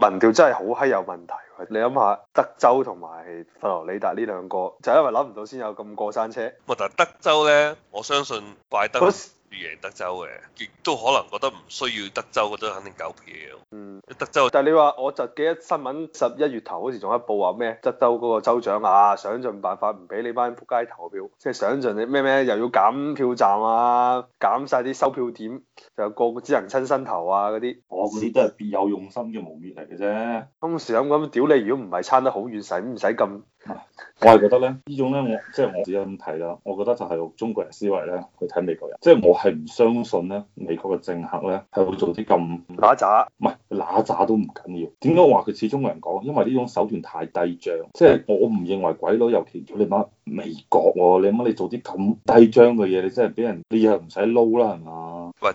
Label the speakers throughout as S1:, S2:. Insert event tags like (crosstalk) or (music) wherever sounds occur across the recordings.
S1: 民調真係好閪有問題，你諗下德州同埋佛羅里達呢兩個，就係、因為諗唔到先有咁過山車。咁
S2: 啊，但德州咧，我相信拜登。 (noise) 要贏德州嘅，亦都可能覺得唔需要德州，覺得肯定夠票。嗯，
S1: 德州但，但係你話我就記得新聞十一月頭好似仲有一報話咩？德州嗰個州長啊，想盡辦法唔俾你班撲街投票，即係想盡你咩咩，又要減票站啊，減晒啲收票點，就個個只能親身投啊嗰啲。我嗰啲都係別有用心嘅污蔑嚟
S3: 嘅啫。當時諗咁屌你，如果唔係撐得好遠，使唔使咁？我係覺得咧，種呢種咧，我即係我自己咁睇啦。我覺得就係用中國人思維咧去睇美國人，即係我係唔相信咧，美國嘅政客咧係會做啲咁，乸渣嚕，唔係乸渣都唔緊要，要。點解我話佢似中國人講？因為呢種手段太低張，即係我唔認為鬼佬尤其咗你乜美國、啊，你乜你做啲咁低張嘅嘢，你真係俾人你又唔使撈啦，係嘛？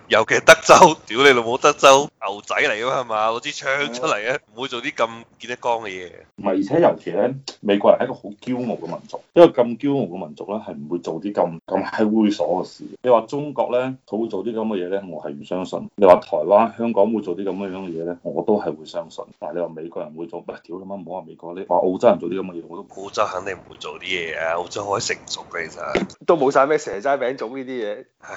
S2: 尤其德州，屌你老母！德州牛仔嚟噶嘛，攞支槍出嚟嘅，唔、嗯、會做啲咁見得光嘅嘢。
S3: 唔係，而且尤其咧，美國人係一個好驕傲嘅民族，因為咁驕傲嘅民族咧，係唔會做啲咁咁閪猥瑣嘅事的。你話中國咧，佢會做啲咁嘅嘢咧，我係唔相信。你話台灣、香港會做啲咁樣樣嘅嘢咧，我都係會相信。但係你話美國人會做，喂，屌你媽，唔好話美國，你話澳洲人做啲咁嘅嘢，我都澳洲肯定唔會做啲嘢
S2: 啊！澳洲好成熟嘅，其實都冇晒咩蛇齋餅糭呢啲嘢。唉，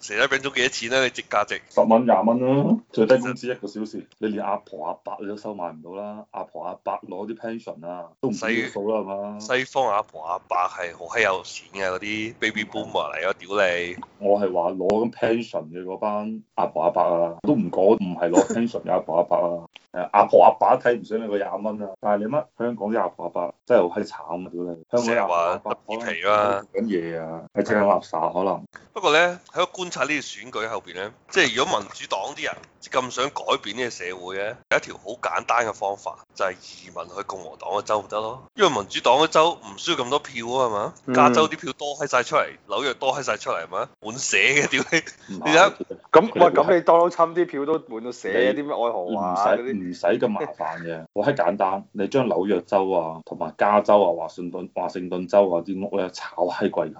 S2: 蛇齋餅糭
S3: 幾多見到嘅值價值十蚊廿蚊啦，最低工資一個小時，你連阿婆阿伯你都收買唔到啦，阿婆阿伯攞啲 pension 啊，都唔使數啦嘛。西方阿婆阿
S2: 伯係好閪有錢嘅，嗰啲 baby boomer 嚟咯，屌你！
S3: 我係話攞緊 pension 嘅嗰班阿婆阿伯啊，都唔講唔係攞 pension 嘅阿婆阿伯啊。誒，阿婆阿爸睇唔上你個廿蚊啊！但係你乜香港啲阿婆阿爸真係好閪慘啊！屌你，香港係話
S2: 脫皮啊，做緊嘢啊，係淨係垃圾可能。不過咧，喺度觀察呢個選舉後邊咧，即係如果民主黨啲人咁想改變呢個社會咧，有一條好簡單嘅方法，就係移民去共和黨嘅州咪得咯。因為民主黨嘅州唔需要咁多票啊嘛，加州啲票多閪晒出嚟，紐約多閪晒出嚟係咪啊？滿寫嘅屌你，而
S3: 家咁喂咁你
S1: 多撈侵啲票都滿到寫啲咩愛好啊？
S3: 唔使咁麻煩嘅，好閪簡單。你將紐約州啊，同埋加州啊、華盛頓、華盛頓州啊啲屋咧炒閪貴去。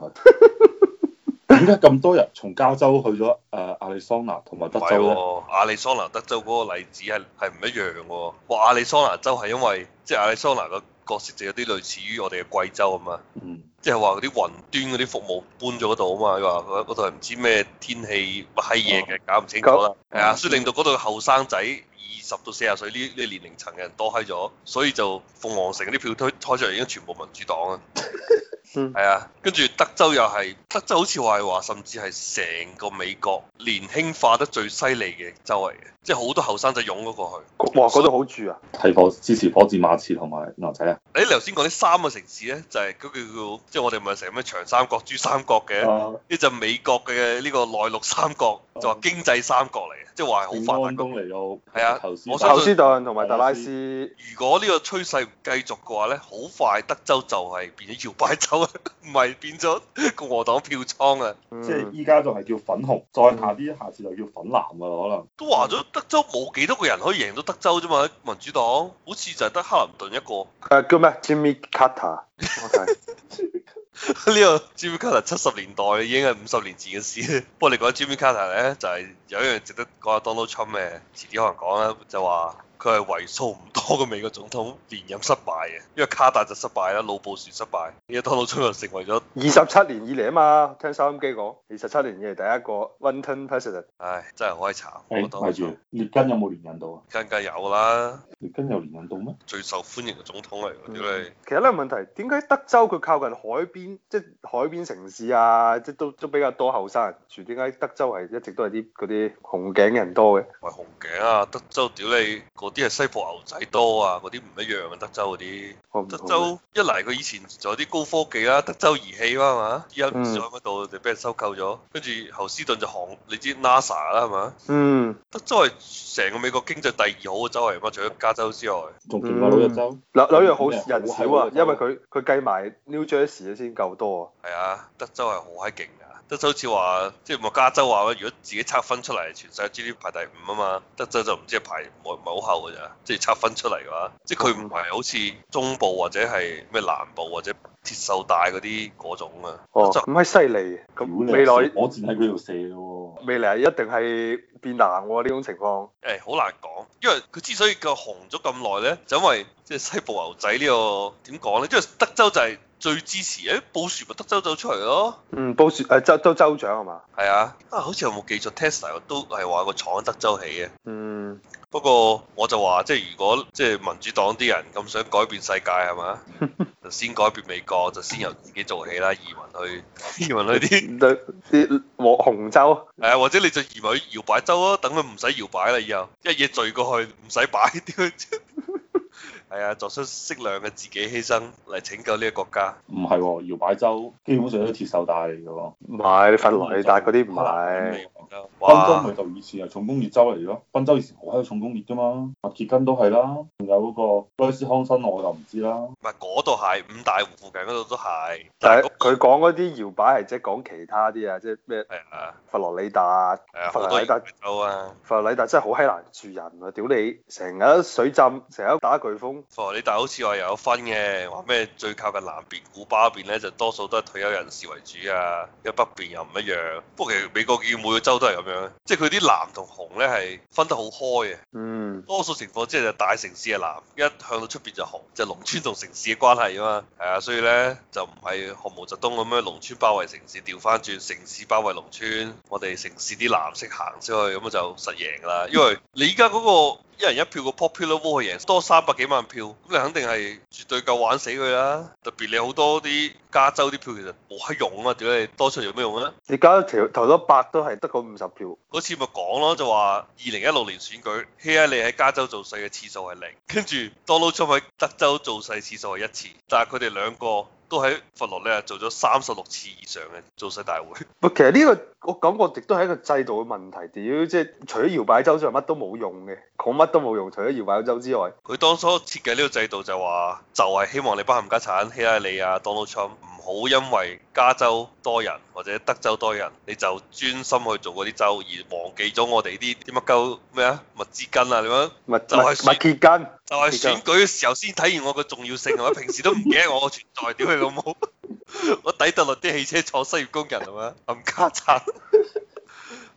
S3: 點解咁多人從加州去咗誒亞利桑拿同埋德州咧？
S2: 亞利桑拿德州嗰個例子係係唔一樣喎。哇、哦！亞利桑拿州係因為即係亞利桑拿個角色就有啲類似於我哋嘅貴州吖嘛，嗯。即係話嗰啲雲端嗰啲服務搬咗嗰度啊嘛？佢話嗰度係唔知咩天氣乜閪嘢嘅，搞唔清楚啦。係啊、嗯，所以令到嗰度嘅後生仔。嗯二十到四十歲呢，呢年齡層嘅人多閪咗，所以就鳳凰城啲票推開出嚟已經全部民主黨 (laughs) 啊，係啊，跟住德州又係，德州好似話係話，甚至係成個美國年輕化得最犀利嘅周圍嘅，即係好多後生仔湧咗過去。
S1: 哇！嗰、那、啲、個、好住啊，
S3: 係我支持火箭、馬刺同埋牛仔啊！誒、欸，
S2: 你頭先講啲三個城市咧，就係、是、嗰個叫即係我哋咪成日咩長三角、珠三角嘅，呢就、啊、美國嘅呢個內陸三角。就話經濟三角嚟嘅，嗯、即係話係好發達嘅。係啊，我想，休斯頓同埋達拉斯。如果呢個趨勢唔繼續嘅話咧，好快德州就係變咗搖擺州啦，唔 (laughs) 係變咗共和黨票倉啊。即係依
S3: 家仲係叫粉紅，再下啲、嗯、下次就叫粉藍啊，可能。
S2: 都話咗德州冇幾多個人可以贏到德州啫嘛，民主黨好似就係得克林頓一個。誒叫咩？Jimmy Carter。呢個 Jimmy Carter，七十年代，已經係五十年前嘅事。不過你講 Jimmy Carter 咧，就係有一樣值得講下 Donald Trump 嘅，遲啲可能講啦，就話。佢係為數唔多嘅美國總統連任失敗嘅，因為卡達就失敗啦，老布士失敗，而家特朗普
S3: 就成為咗
S1: 二十七年以嚟啊嘛，聽收音機講，二十七年以嚟第一個 one term president，
S2: 唉，真係好閪慘。
S3: 我圍住列根有冇連任到
S2: 啊？列根梗係有啦，列根有連任到咩？最受歡迎嘅總統嚟嗰啲咧，
S1: 嗯、其實咧，問題點解德州佢靠近海邊，即係海邊城市啊，即係都都比較多後生，全點解德州係一直都係啲嗰啲
S2: 紅頸人多嘅？喂，紅頸啊，德州屌你啲係西部牛仔多啊，嗰啲唔一樣啊。德州嗰啲，好好德州一嚟佢以前仲有啲高科技啦、啊，德州儀器啦、啊、嘛，而家唔在乜度，就俾、嗯、人收購咗。跟住侯斯頓就航，你知 NASA 啦係嘛？嗯，德州係成個美國經濟第二好嘅州嚟，咁除咗加州之外，仲點啊？紐約州，紐紐約好人少啊，因
S1: 為佢佢計埋 New Jersey 先夠多、嗯、啊。
S2: 係啊，德州係好閪勁。嗯嗯嗯德州好似話，即係咪加州話如果自己拆分出嚟，全世界 GDP 排第五啊嘛。德州就唔知係排唔係唔係好後嘅咋，即係拆分出嚟嘅話，即係佢唔係好似中部或者係咩南部或者鐵鏽帶嗰啲嗰種、哦、來啊。哦，
S1: 咁閪犀利。咁未來我住喺佢度死咯。未來一定係變難喎、啊、呢種情況。
S2: 誒、欸，好難講，因為佢之所以夠紅咗咁耐咧，就因為即係西部牛仔、這個、呢個點講咧？因為德州就係、是。最支持誒、欸，布殊咪德州走出嚟咯。
S1: 嗯，布殊誒、呃、州州州長係嘛？
S2: 係啊，啊好似有冇記錯？Tesla 都係話個廠德州起嘅。嗯。不過我就話，即係如果即係民主黨啲人咁想改變世界係嘛， (laughs) 就先改變美國，就先由自己做起啦。移民去，
S1: 移民去啲啲黃紅州。
S2: 係啊， (laughs) (laughs) 或者你就移民去搖擺州咯，等佢唔使搖擺啦，以後一嘢聚過去，唔使擺點 (laughs) 係啊、哎，作出適量嘅自己犧牲嚟拯救呢個國家。
S3: 唔係喎，搖擺州基本上都鐵鏽帶嚟㗎喎。唔係，是就是，你憤怒但打嗰啲唔係。嗯賓哇州咪就以前係重工業州嚟咯，賓州以前好閪重工業噶嘛，密歇根都係啦，仲有嗰個威斯康辛我就唔知啦，唔
S2: 係嗰度係五大湖附近嗰度都係，但
S3: 係
S1: 佢講嗰啲搖擺係即係講其他啲啊，即係咩？係啊，佛羅里達，
S2: 佛羅里達
S1: 州啊，佛羅里達真係好閪難住人啊，屌你成日水浸，
S2: 成日打颶風。佛羅里達好似話又有分嘅，話咩最靠近南邊古巴嗰邊咧就多數都係退休人士為主啊，因為北邊又唔一樣。不過其實美國幾每個州。都係咁樣，即係佢啲藍同紅呢，係分得好開嘅。嗯，多數情況即係大城市嘅藍，一向到出邊就紅，就係農村同城市嘅關係啊嘛。係啊，所以呢，就唔係學毛澤東咁樣農村包圍城市調翻轉，城市包圍農村。我哋城市啲藍色行出去，咁啊就實贏㗎啦。因為你而家嗰個。一人一票個 popular vote 贏多三百幾萬票，咁你肯定係絕對夠玩死佢啦！特別你好多啲加州啲票其實冇乜用啊，屌解你多出嚟有咩用啊？你
S1: 加州投多八都係得嗰五十票。
S2: 嗰次咪講咯，就話二零一六年選舉希拉里喺加州造勢嘅次數係零，跟住多拉出喺德州造勢次數係一次，但係佢哋兩個，都喺佛羅咧做咗三十六次以上嘅造勢大會。
S1: 喂，其實呢、呢個我感覺亦都係一個制度嘅問題，屌即係除咗搖擺州之外乜都冇用嘅，講乜都冇用，除咗搖擺州之外。
S2: 佢當初設計呢個制度就話，就係、係、希望你巴林家產希拉里啊、Donald Trump 唔好因為加州多人或者德州多人，你就專心去做嗰啲州，而忘記咗我哋啲啲乜鳩咩啊密歇根啊，你明嗎？密密密歇根。就係選舉嘅時候先體現我嘅重要性，係 (laughs) 平時都唔記得我嘅存在，屌你老母！我抵得落啲汽車廠失業工人係咪？冚家鏟！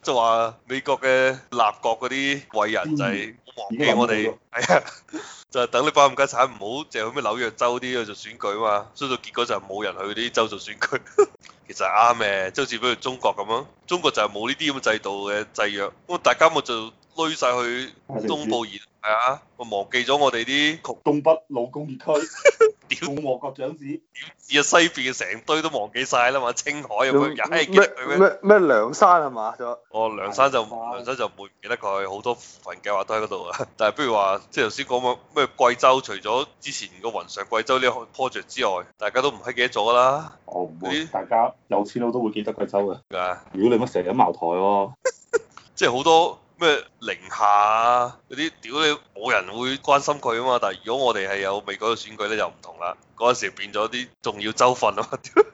S2: 就話美國嘅立國嗰啲偉人就係忘記我哋，係啊！就係等你冚家鏟，唔好淨係咩紐約州啲去做選舉啊嘛。所以到結果就冇人去啲州做選舉。 (laughs) 其實啱嘅，即好似比如中國咁咯，中國就係冇呢啲咁嘅制度嘅制約，咁大家咪就推晒去東部 (laughs) 係啊，我忘記咗我哋啲窮東北老工業區，
S3: 屌共和 (laughs) 國長子，
S2: 屌啊西邊成堆都忘記晒啦嘛，青海有冇人記得佢？咩
S1: 咩咩梁山係嘛？就、哦，
S2: 哦梁山就梁山，梁山就唔會唔記得佢，好多份計劃都喺嗰度啊，但係不如話即係頭先講過咩貴州，除咗之前個雲上貴州呢個 project 之外，大家都唔係記得咗㗎啦。
S3: 我唔、哦、會，你大家有錢佬都會記得貴州嘅。如果、啊哎、你乜成日飲茅台喎，
S2: (laughs) 即係好多。咩寧夏啊嗰啲屌你冇人會關心佢啊嘛，但係如果我哋係有美國嘅選舉咧，就唔同啦。嗰陣時變咗啲重要州份啊嘛屌，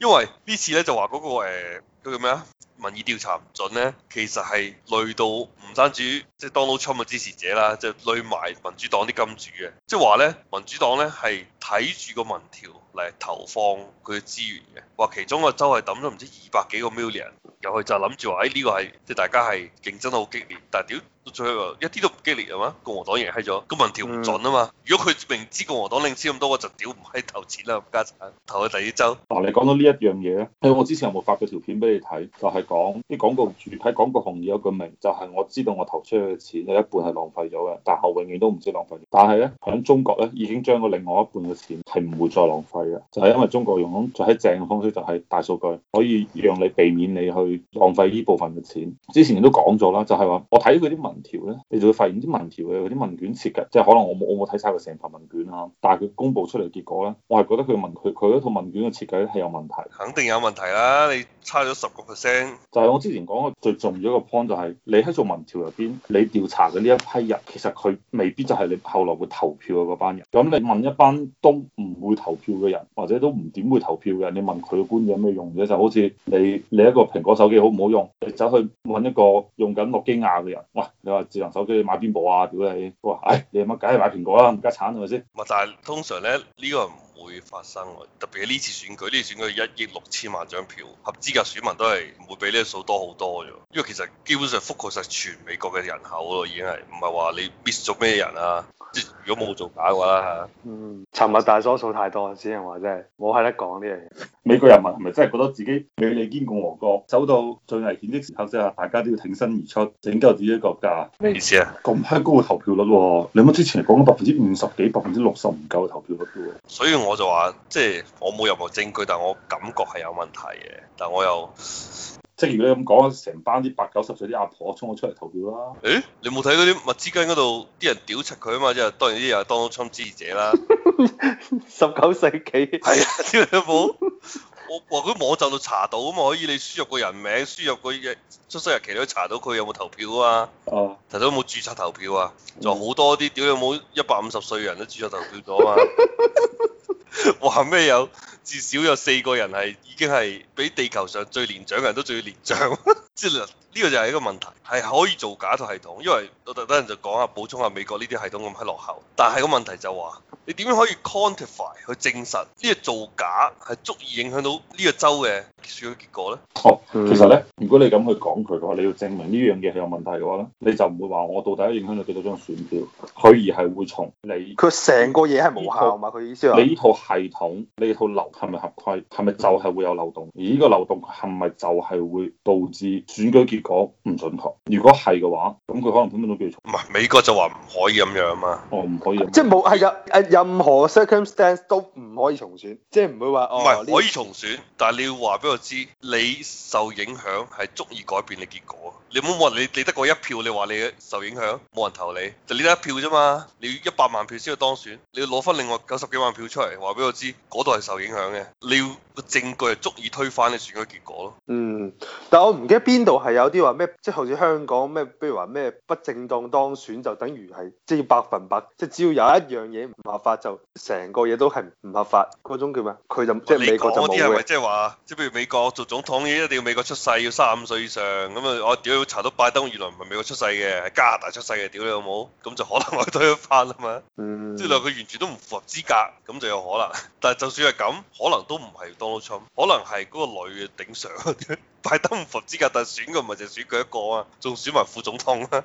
S2: 因為次呢次咧就話嗰、那個誒，嗰、欸、叫咩啊？民意調查唔準咧，其實係累到唔單止，即、就、係、是、Donald Trump 嘅支持者啦，即、就、係、是、累埋民主黨啲金主嘅。即係話咧，民主黨咧係睇住個民調嚟投放佢嘅資源嘅。話其中個州係抌咗唔知二百幾個 million 入去、哎這個，就係諗住話喺呢個係即係大家係競爭得好激烈。但係屌最後一啲都唔激烈啊嘛！共和黨贏閪咗，個民調唔準啊嘛！如果佢明知共和黨領先咁多，就屌唔閪投錢啦，唔加錢投去第二州。
S3: 嗱、嗯，你講到呢一樣嘢咧，誒，我之前有冇發過條片俾你睇？就係、是。講啲廣告主喺廣告行業有一個名，就係、是、我知道我投出去嘅錢有一半係浪費咗嘅，但後永遠都唔知浪費。但係咧喺中國呢已經將個另外一半嘅錢係唔會再浪費嘅，就係、是、因為中國用咗就喺正嘅方式，就係大數據可以讓你避免你去浪費呢部分嘅錢。之前都講咗啦，就係、是、話我睇佢啲民調呢，你就會發現啲民調嘅嗰啲問卷設計，即係可能我冇我冇睇晒佢成份問卷啊，但係佢公佈出嚟結果呢，我係覺得佢問佢佢嗰套問卷嘅設計係有問題。
S2: 肯定有問題啦！你差咗十個 percent。
S3: 就係我之前講過最重要一個 point，就係你喺做民調入邊，你調查嘅呢一批人，其實佢未必就係你後來會投票嘅嗰班人。咁你問一班都唔會投票嘅人，或者都唔點會投票嘅人，你問佢嘅觀點有咩用嘅？就好似你你一個蘋果手機好唔好用，你走去問一個用緊諾基亞嘅人、啊，喂、哎，你話智能手機你買邊部啊？屌你，都話，唉，你乜鬼？梗係買蘋果啦，唔得鏟係咪先？
S2: 咪就係通常咧呢、呢個。會發生喎，特別係呢次選舉，呢次選舉一億六千萬張票，合資格選民都係唔會比呢個數多好多嘅，因為其實基本上覆蓋晒全美國嘅人口咯，已經係唔係話你 miss 咗咩人啊？
S3: 即係如果冇做假嘅話啦吓。啊、嗯，沉默大多數太多，只能話真係，我係得講呢啲嘢。美國人民係咪真係覺得自己美利堅共和國走到最危險嘅時候，即係大家都要挺身而出，拯救自己國家。咩意思啊？咁 high 高嘅投票率喎、啊，你諗之前講緊百分之五十幾、百分之六十唔夠投票率、啊、
S2: 所以。我就話，即係我冇任何證據，但我感覺係有問題嘅。但我又，
S3: 即係如果咁講，成班啲八九十歲啲阿婆衝咗出嚟投票啦。誒、
S2: 欸，你冇睇嗰啲密歇根嗰度啲人屌柒佢啊嘛？即係當然啲人當中撐支持者啦。
S3: 十九 (laughs) 世紀係啊，
S2: 你我話佢網站度查到啊嘛，可以你輸入個人名，輸入佢嘅出生日期都查到佢有冇投票啊。哦，查到有冇註冊投票啊？仲有好多啲屌有冇一百五十歲人都註冊投票咗啊？哇咩有？至少有四個人係已經係比地球上最年長嘅人都仲要年長，即係呢個就係一個問題，係可以造假套系統，因為我等陣就講下補充下美國呢啲系統咁喺落後。但係個問題就話，你點樣可以 quantify 去證實呢個造假係足以影響到呢個州嘅選舉結果咧？
S3: 哦，其實咧，如果你咁去講佢嘅話，你要證明呢樣嘢係有問題嘅話咧，你就唔會話我到底影響到幾多張選票，佢而係會從你佢成個嘢係無效嘛？佢意思話你依套系統，你依套流係咪合規？係咪就係會有漏洞？而呢個漏洞係咪就係會導致選舉結果唔準確？如果係嘅話，咁佢可能點樣都可以重選？唔係美國就話唔可以咁樣嘛！哦，唔可以咁樣，即係
S1: 冇係啊！誒，任何 circumstance 都唔可以重選，即係唔會話哦。唔係可以重
S2: 選，但係你要話俾我知，你受影響係足以改變嘅結果。你冇冇人？你理得個一票，你話你受影響，冇人投你，就你得一票啫嘛。你要一百萬票先去當選，你要攞翻另外九十幾萬票出嚟，話俾我知，嗰度係受影響嘅。你要。個證據係足以推翻你選舉結果咯。嗯，
S1: 但係我唔記得邊度係有啲話咩，即係好似香港咩，比如話咩不正當當選就等於係即係要百分百，即係只要有一樣嘢唔合法就成個嘢都係唔合法嗰種叫咩？佢就即係美國就冇嘅。即係
S2: 話，即係譬如美國做總統嘢一定要美國出世，要三五歲以上咁啊！我屌，查到拜登原來唔係美國出世嘅，加拿大出世嘅，屌你老母，咁就可能我推得翻啊嘛！即係話佢完全都唔符合資格，咁就有可能。但係就算係咁，可能都唔係。可能係嗰個女嘅頂上 (laughs) 拜登唔符資格，但選，佢唔係淨選佢一個啊，仲選埋副總統啦。